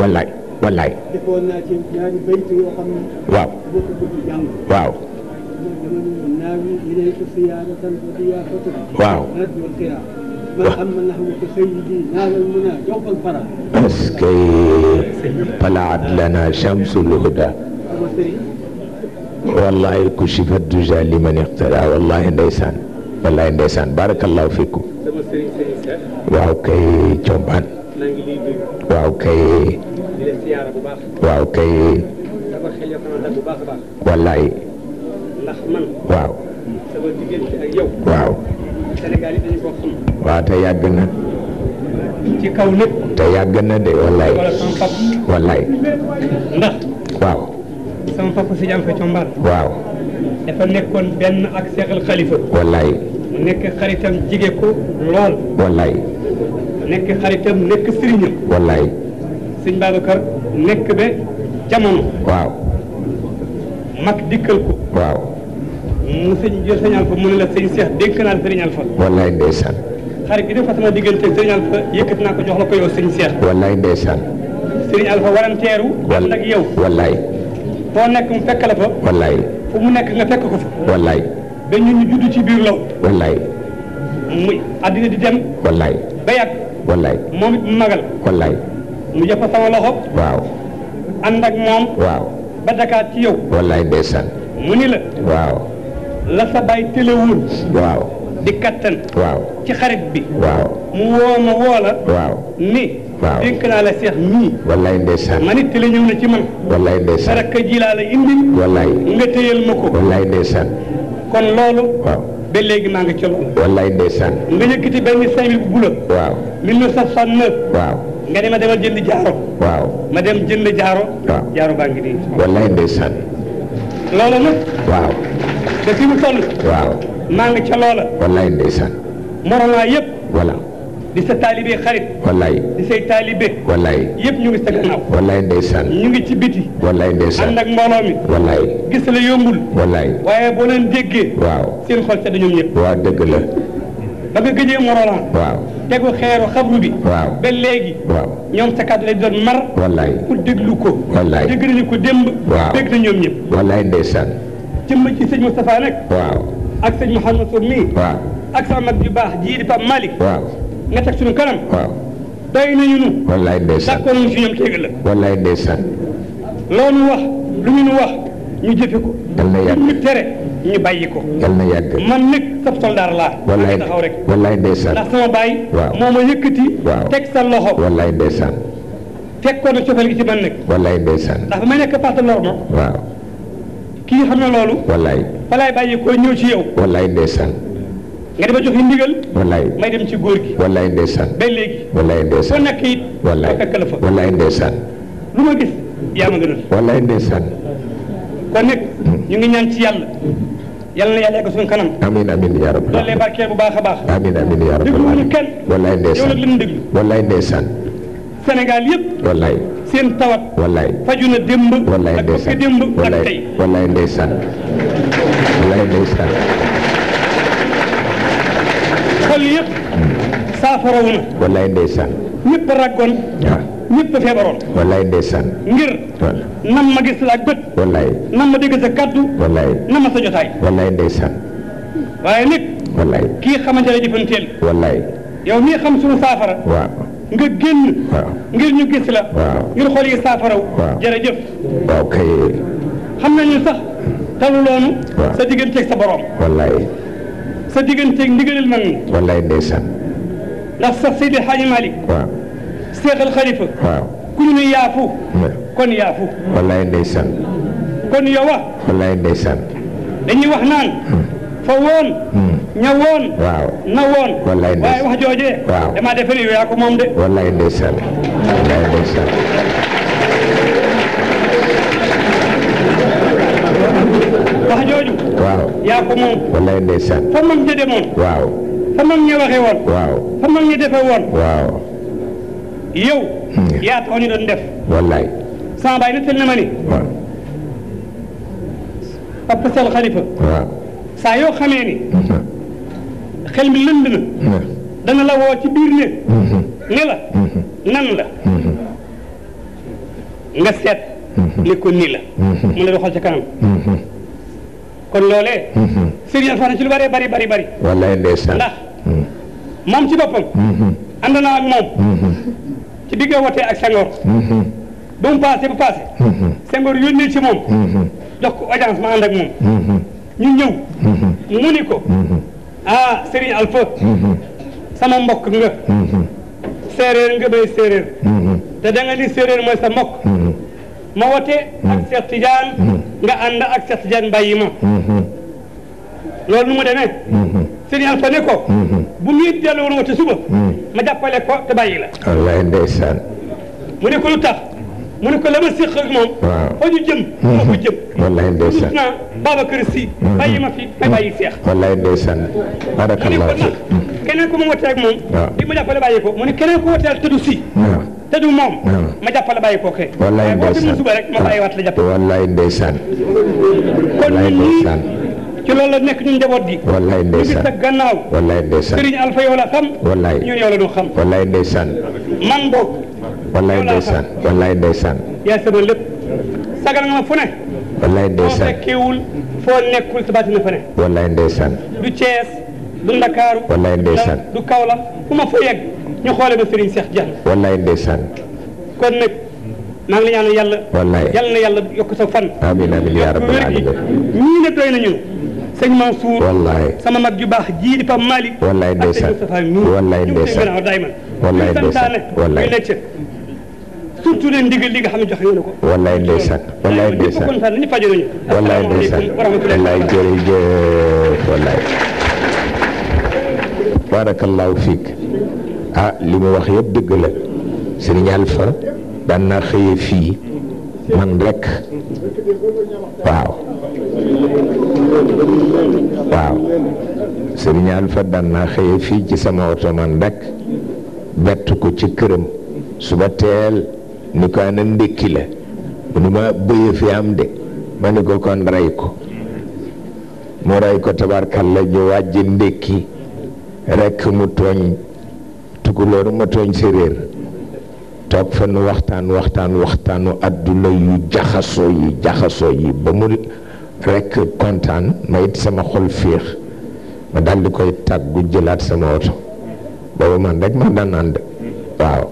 والله والله واو واو واو واو لنا شمس الهدى والله كشف الدجى لمن اقتدى والله نيسان والله نيسان بارك الله فيكم واو كي جمبان واو كي waaw kay. wallaay. waaw. waaw. te yàgg na. ci kaw lépp. te yàgg na de wallaay. wallaay. ndax. waaw. sama papa si jàmm fa waaw. dafa nekkoon benn ak seexal xalifa. wallaay. mu nekk xaritam jige ko lool. wallaay. nekk xaritam nekk sëriñam. wallaay. sëñ Babacar. nekk ba jamono. waaw. mag dikkal ko. waaw. mu sëñ jël sëñ Alpha mu ne la sëñ Cheikh dénk naa la sëñ Alpha. wallaay ndeysaan. xarit bi dafa sama diggante sëñ Alpha yëkkat naa ko jox la ko yow sëñ Cheikh. wallaay ndeysaan. sëñ Alpha waranteeru. wal nag yow. wallaay. foo nekk mu fekk la fa. wallaay. fu mu nekk nga fekk ko fa. wallaay. ba ñun ñu judd ci biir law. wallaay. muy àddina di dem. wallaay. ba yàgg. wallaay moom it mu magal. wallaay. mu jëf sama loxo. waaw. ànd ak moom. waaw. ba Dakar ci yow. wallaay ndeysaan. mu ni la. waaw. la sa bay tëlewul. waaw. di kattan. waaw ci xarit bi. waaw mu woo ma woo la. waaw ni. waaw dénk naa la seex mii. wallaay ndeysaan. ma nit tële ñëw na ci man. wallaay ndeysaan sarak la indi. wallaay kon loolu. waaw ba léegi maa ngi ci loolu. wallaay ndeysaan. nga yëkkati benn cinq bu la. waaw 1969. waaw. nga ne ma demal jënd jaaro. waaw ma dem jënd jaaro. waaw jaaro baa ngi nii. wallaay ndeysaan. loola nag. waaw. te fi mu toll. waaw maa ngi ca loola. wallaay ndeysaan. moromaa yëpp. voilà. di sa taalibe xarit. wallaay di ñu ngi sa gannaaw. wallaay ndeysaan. ñu ngi ci biti. wallaay ak mbooloo mi. gis la yombul. waaye boo leen déggee. waaw seen xol sa dañoom ñëpp. waaw dëgg la. ba nga gëjee moroomam. waaw tegu xeeru xabru bi. waaw ba léegi. waaw ñoom sa kàddu lañ doon mar. wallaay pour déglu ko. wallaay dégg nañu ko démb. waaw dégg na ñoom ñëpp. wallaay ndeysaan. jëmm ci sëñ Moustapha nag. waaw ak sëñ Mouhamed Sow mii. waaw ak sa mag ju baax jii di Pape Malick. waaw nga teg suñu kanam. waaw doy nañu nu. wallaay ndeysaan d'accord nañu si ñoom tegal la. wallaay ndeysaan. loolu wax lu ñu nu wax ñu jëfe ko. dal na yàgg ñu tere. ñu bàyyi ko. yal na yàgg. man nag sab soldaar laa. wallaay taxaw rek wallaay ndeysaan. ndax sama baay. waaw moo ma yëkkati. waaw teg sa loxo. wallaay ndeysaan. fekkoon na cofeel gi ci man nag. wallaay ndeysaan. ndax may nekk Pate Lorma. waaw. kii xam na loolu. wallaay. balaay bàyyi ko ñëw ci yow. wallaay ndeysaan. nga dama jox ndigal. wallaay may dem ci góor gi. wallaay ndeysaan. ba léegi. wallaay ndeysaan soo nekk it. wallaay lu ma gis kon nag. ñu ngi ñaan ci yàlla yàlla na yàlla egg suñu kanam amiin amiin yaa rabbi doole barkeel bu baax a baax amiin amiin yaa rabbi dégluwuñu kenn wallaay ndeysaan yow nag lañu seen tawat faju na démb wallaay ndeysaan ak démb ak tey wallaay ndeysaan wallaay ndeysaan xol hmm. na wallaay raggoon ñëpp a feebaroon. wallaay ndeysaan. ngir. nam ma gis la ak bët. wallaay nam ma dégg sa kaddu. wallaay nam ma sa jotaay. wallaay ndeysaan. waaye nit. kii xamante ne jëfanteel. wallaay yow mii xam suñu saafara. nga génn. ngir ñu gis la. ngir xool yi saafaraw. waaw xam nañu sax talu loonu. sa digganteeg sa borom. wallaay. sa digganteeg ndigalil mag ñi. wallaay ndeysaan. ndax sax Seydi Hadji Malick. seexal xalifa waaw ku ñu ni yaafu kon yaafu wallaay kon yowa wallaay ndeysaan dañuy wax naan hmm. fa woon hmm. ña woon na woon wallaay ndeysaan wax joojee waaw dama de wax jooju waaw yaa ko moom wallaay ndeysaan fa mag ña demoon waaw fa mag ña waxe fa woon yow. yaa tax ñu doon def. wallaay. sama ma ni. waaw. Papa Sall Xalifa. saa yoo xamee mhm. xel mi lënd dana la woo ci biir néeg. Mhm. ne la. Mhm. nan la. nga seet. ne ko nii la. mu ne doxal ca kanam. kon loolee. Serigne Fane ci lu bëree bari bari bari. wallaay ndeysaan moom ci boppam. ànd naa ak moom. ci digga watee ak Senghor mm-hmm. ba mu passé bu passé mm-hmm. Senghor yónnee ci moom mm-hmm. jox ko audience ma ànd ak moom ñu ñëw mu ni ko ah Serigne Alpha sama mbokk nga séeréer nga bay séeréer te da nga séeréer mooy sa mbokk ma wote ak Cheikh Tidiane nga ànd ak Cheikh Tidiane bàyyi loolu nu mu demee sëñ Alpha ne ko. bu ngeen delloo woon te suba. ma jàppale ko te bàyyi la. wallaahi ndeysaan. mu ne ko lu tax mu ne ko la ma séq ak moom. waaw fa ñu jëm. ma ko jëm. wallaahi ndeysaan gis naa Babacar Sy. bàyyi ma fi ay bàyyi seex. wallaahi ndeysaan. barakallah keneen ku ma wotee ak moom. waaw bi ma jàppale bàyyi ko mu ne keneen ku woteel tëdu si. te du moom. ma jàppale bàyyi koo kay. wallaay ndeysaan waaye boo suba rek ma bàyyiwaat la jàppale. wallaay ndeysaan. wallaay ndeysaan kon ci loolu la nekk ñun njaboot gi. wallaay ndeysaan ñu ngi sa gannaaw. wallaay ndeysaan Serigne Alpha yow la xam. wallaay ñun yow la du xam. wallaay ndeysaan. man boog. wallaay ndeysaan wallaay ndeysaan. yaa sama lépp sagal nga ma fu ne. wallaay ndeysaan foo fekkiwul foo nekkul sa bàtti na fa ne. wallaay ndeysaan. du Thiès du Ndakaaru. wallaay ndeysaan du Kaolack fu ma fa yegg ñu xoolee ba Serigne Cheikh Diagne. wallaay ndeysaan. kon nag maa ngi la ñaanal yàlla. wallaay yàlla na yàlla yokk sa fan. amiin amiin yaa rabbal aalamiin ñii ne doy nañu. sëñ Mansour wallaay sama mag ju baax ji di Pape Malick wallaay ndeysaan wallaay ndeysaan ñu day man wallaay ndeysaan wallaay surtout leen ndigal li nga xam ne joxe na ko wallaay ndeysaan wallaay ndeysaan kontaan nañu fajo nañu wallaay ndeysaan wallaay jërëjëf wallaay barakallahu fiik ah li mu wax yëpp dëgg la sëriñ Alpha daan naa xëyee fii man rek waaw waaw Serigne daan naa xëye fii ci sama oto man rek bett ko ci këram suba teel ni ko ana ndékki la mu ma bëye fi am de ma ni ko kon rey ko mu rey ko tabarkalla ñu wàjj ndékki rek mu tooñ tukulóor tooñ séréer toog fa nu waxtaan waxtaan waxtaanu àdduna yu jaxasoo yi jaxasoo yi ba mu rekk kontaan ma it sama xol féex ma daal koy tàggu jëlaat sama oto boobu man rek ma daan ànd waaw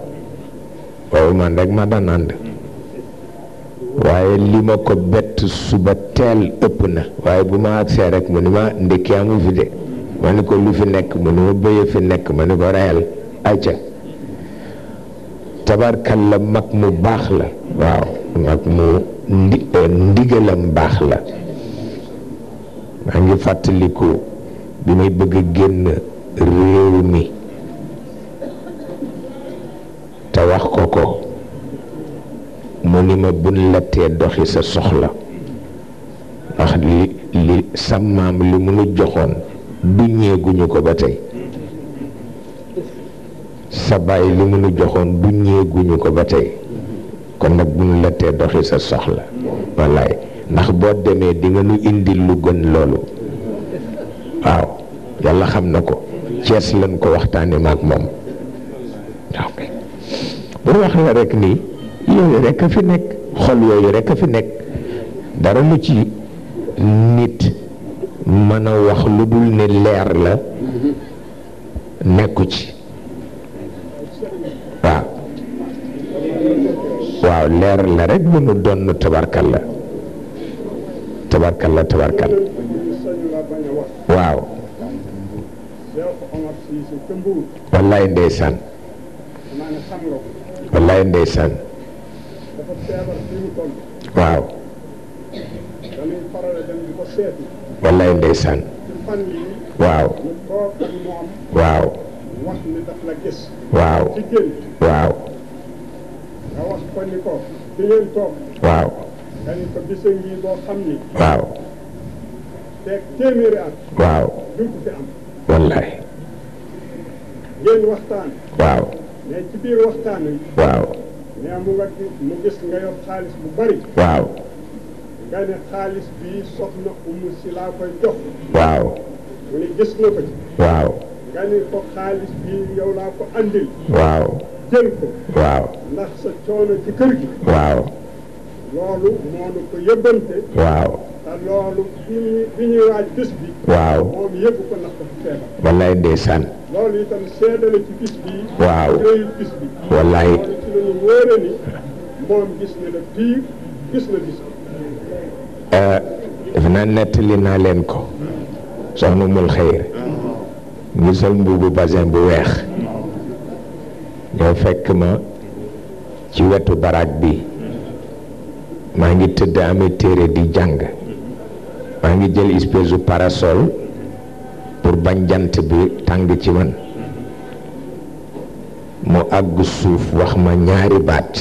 boobu man rek ma daan ànd waaye li ma ko bett suba teel ëpp na waaye bu ma agsee rek mu ni ma ndekki amu fi de ma ni ko lu fi nekk mu ni ma bëye fi nekk ma ni ko reyal ayca la mag mu baax la waaw mag mu ndi eh, ndigalam baax la maa ngi fàttaliku bi may bëgg a génn réew mi te wax ko ko mu ni ma bun la tee doxi sa soxla ndax li li sàmmaam li mu nu joxoon du ñeeguñu ko ba tey sa bàyyi li mu nu joxoon du ñeeguñu ko ba tey kon nag bu nu la tee doxi sa soxla wallaay ndax boo demee di nga indi indil lu gën loolu waaw yàlla xam na ko cees lañ ko waxtaane maak moom waaw bu wax la rek nii yooyu rek a fi nekk xol yooyu rek a fi nekk dara lu ci nit mën a wax lu dul ne leer la nekku ci waaw leer la rek mu nu donn tabarkal la tabarkal la tabarkal waaw wallaay ndeysaan wallaay ndeysaan waaw wallaay ndeysaan waaw waaw waaw waaw nga wax ko ni ko fi ngeen toog waaw nga ko bisa ngi boo xam ni waaw teg téeméeri at waaw duñ ko fi am wallaay ngeen waxtaan waaw mais ci biir waxtaan wi waaw mais mu nga mu gis nga yor xaalis bu bari waaw nga xaalis bii soxna umu si laa koy jox waaw mu ne gis na ko ci waaw nga ko xaalis bii yow laa ko andil waaw jël ko. waaw ndax sa coono ci kër gi. waaw. loolu moo ko yëbbante. waaw te loolu bi waaw moom yëpp ko waaw réyul bis na la na eh, nettali naa leen ko. soxna mul xëyre. Ah. sol mbubu basin bu weex. ñoo fekk ma ci wetu baraag bi maa ngi tëdd amee téere di jàng maa ngi jël espèce de parasol pour bañ jant bi tàng ci man mu àgg suuf wax ma ñaari baat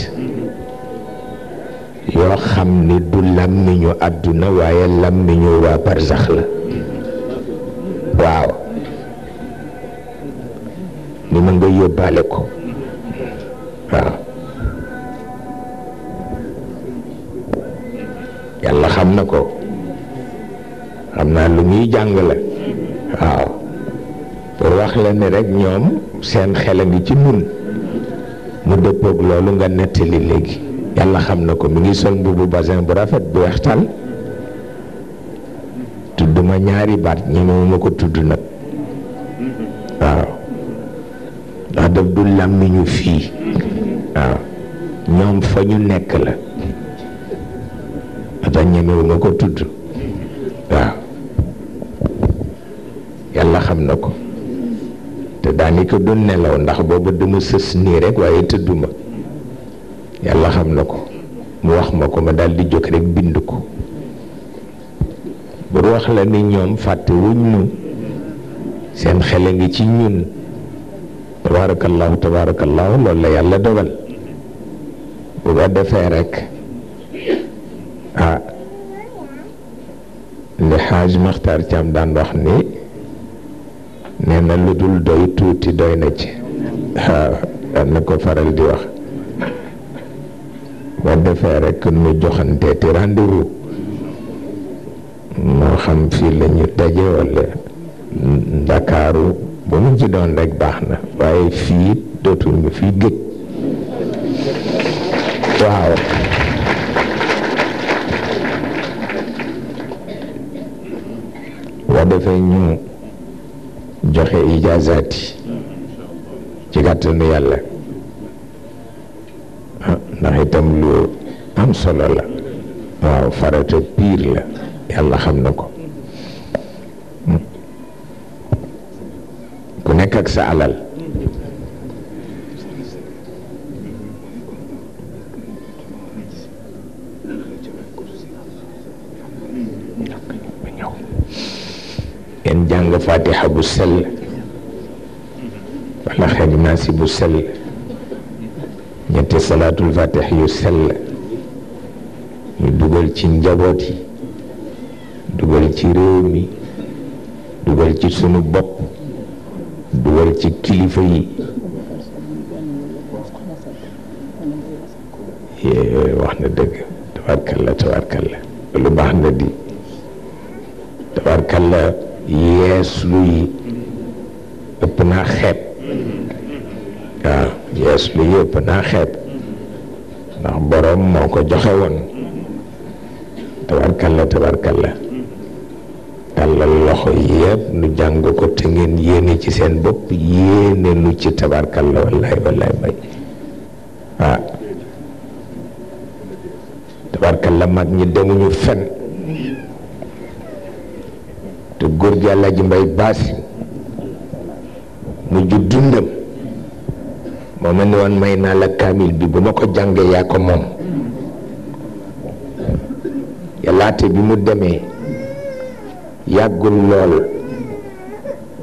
yoo xam ni du làmmiñu àdduna waaye làmmiñu waa barzax la waaw ni ma nga yóbbaale ko yàlla xam na ko xam naa lu muy jàngale waaw pour wax la ni rek ñoom seen xel a ngi ci nun mu deppok loolu nga nettali legi yalla xamna ko mi ngi sol mbubu bazin bu rafet bu wextal tudduma ñaari baat ñemewuma ko tudd nag waaw ndax daf du fii waaw ñoom fa ñu nekk la ata ñemewu ko tudd waaw yàlla xam na ko te daanaka doon nelaw ndax booba dama sës nii rek waaye tëdduma yàlla xam na ko mu wax ma ko ma daal di jóg rek bind ko bu wax la ni ñoom fàtte wuñ ñu seen xel a ngi ci ñun tabaarakallaahu tabaarakallaahu loolu la yàlla dogal bu ko defee rek ah li xaaj maxtar cam daan wax ni nee na lu dul doy tuuti doy na ci ah, na ko faral di wax bu defee rek nu joxanteeti rendez-vous moo xam fii la daje walla ndakaaru bu mu ci doon rek baax na waaye fii dootul ñu fi gëj waaw wa defee ñu joxe ijaazaati ci kàttanu yàlla ah, ndax itam lu am solo la waaw farata piir la yàlla xam na ko hmm. ku nekk ak sa alal benn bu sell wala xaj naasi bu sell ñetti salaatul fatih yu sell ñu dugal ci njaboot yi dugal ci réew mi dugal ci sunu bopp dugal ci kilifa yeeslu ëpp naa xeeb waaw yeeslu yi ëpp naa xeeb ndax boroom moo ko joxe woon tabarkalla tabarkalla tàllal loxo yëpp nu jàng ko te ngeen yéene ci seen bopp yéene nu ci tabarkalla wallaay wallaay bay waaw tabarkalla mag ñi demuñu fen njabootu lagi gi basi, Mbay Baasi mu ju dundam moo ma ne may ya la kamil bi bu mako jange ya ko mom ya yalaate bi mu demee yagul lol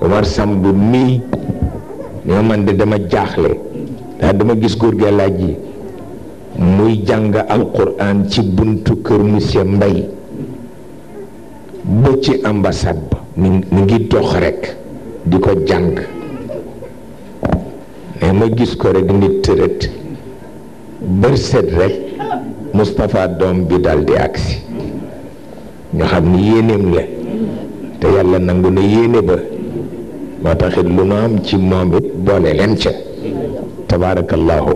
Omar Samb mi ni man de dama jaxlé da dama gis gor gi muy jang alquran ci buntu keur monsieur Mbay bu ci ambassade mi ngi dox rekk di ko jàng mais ma gis ko rekk nit tërët bër set rekk Moustapha doom bi dal di agsi ñu xam ni yéeneem la te yàlla nangu na yéene ba moo taxit lu ma am ci moom it boole leen ca tabaarakallaahu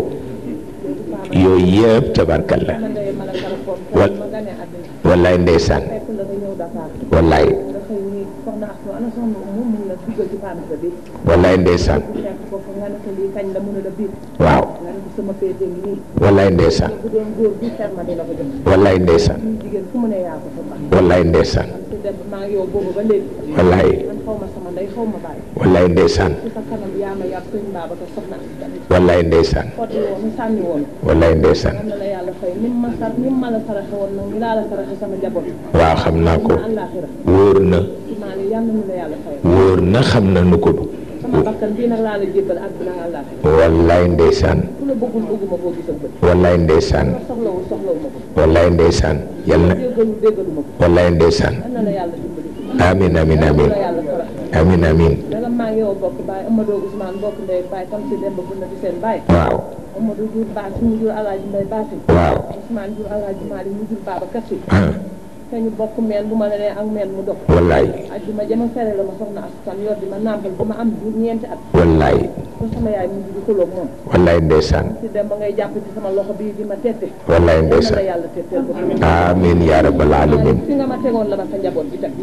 yooyu yëpp tabaarakallaa wallaay ndeysaan wallaay wallaay ndeysaan waaw wallaay ndeysaan wallaay ndeysaan wallaay ndeysaan wallaay wallaay ndeysaan wallaay ndeysaan wallaay ndeysaan waaw xam naa ko wóor na wóor na xam na nu ko wallaay ndeysaan wallaay ndeysaan wallaay ndeysaan yàlla wallaay amin amin amin amin amin waaw te bokk mel bu ma ne ak mel mu dox. wallaay. a fere la wallaay. ba sama yaay mu di xuloo moom. wallaay ndeysaan. si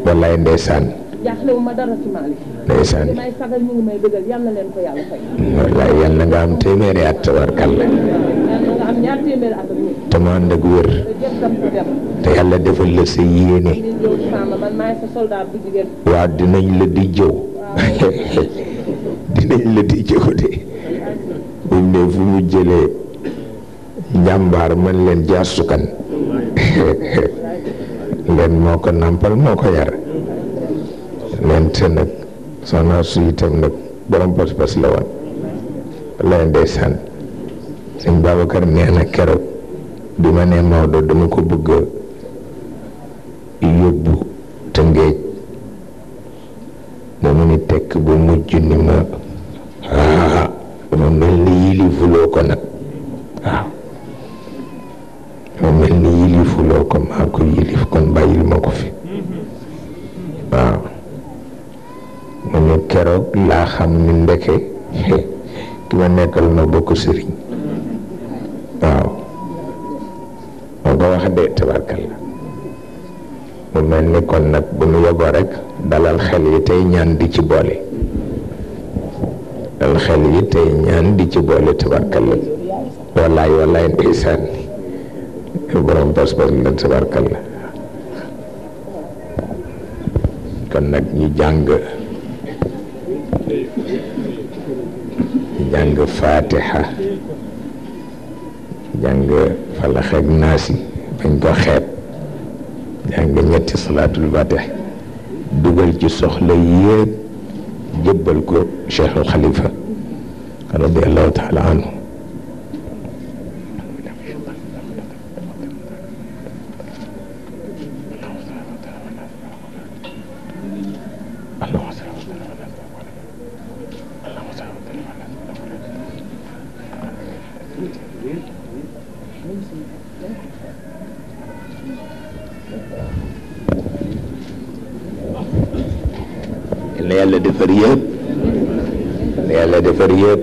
wallaay ndeysaan yàlla nga la ma bi teg. yàlla leen ko yàlla fay. wallaay yàlla nga am téeméeri at tabarkalla. te mu ànd ak wér te yàlla defal la sa yéene waaw dinañ la di jëw dinañ la di jëw de bu mu ne fu mu jëlee njàmbaar man leen jaasukan leen moo ko nàmpal moo ko yar leen te nag soxna su itam nag borom pas-pas la woon leen ndeysaan sëñ Babacar nee na keroog bi ma nee Maodo dama ko bëgg a yóbbu Tëngéej moom mu ni tekk bu mujj ni ma ah dama mel ni yilifuloo ko nag waaw dama mel ni yilifuloo ko maa ko yilif kon bàyyil ma ko fi waaw mu laa xam ni ndeke ki ma nekkal na bokk sëriñ tabarkalla mu mel ni kon nag bu nu yoboo rek dalal xel yi tey ñaan di ci boole dalal xel yi tey ñaan di ci boole tabarkalla wallaay wallaay ndeysaan borom bas bas la kon nag ñu jàng jàng faatiha jàng falax naasi bañ ko xeeb yaa nga ñetti salaatul fatih dugal ci soxla yépp jëbbal ko cheikh al xalifa radiallahu taala anhu Yeah. na yàlla defar yëpp na yàlla defar yëpp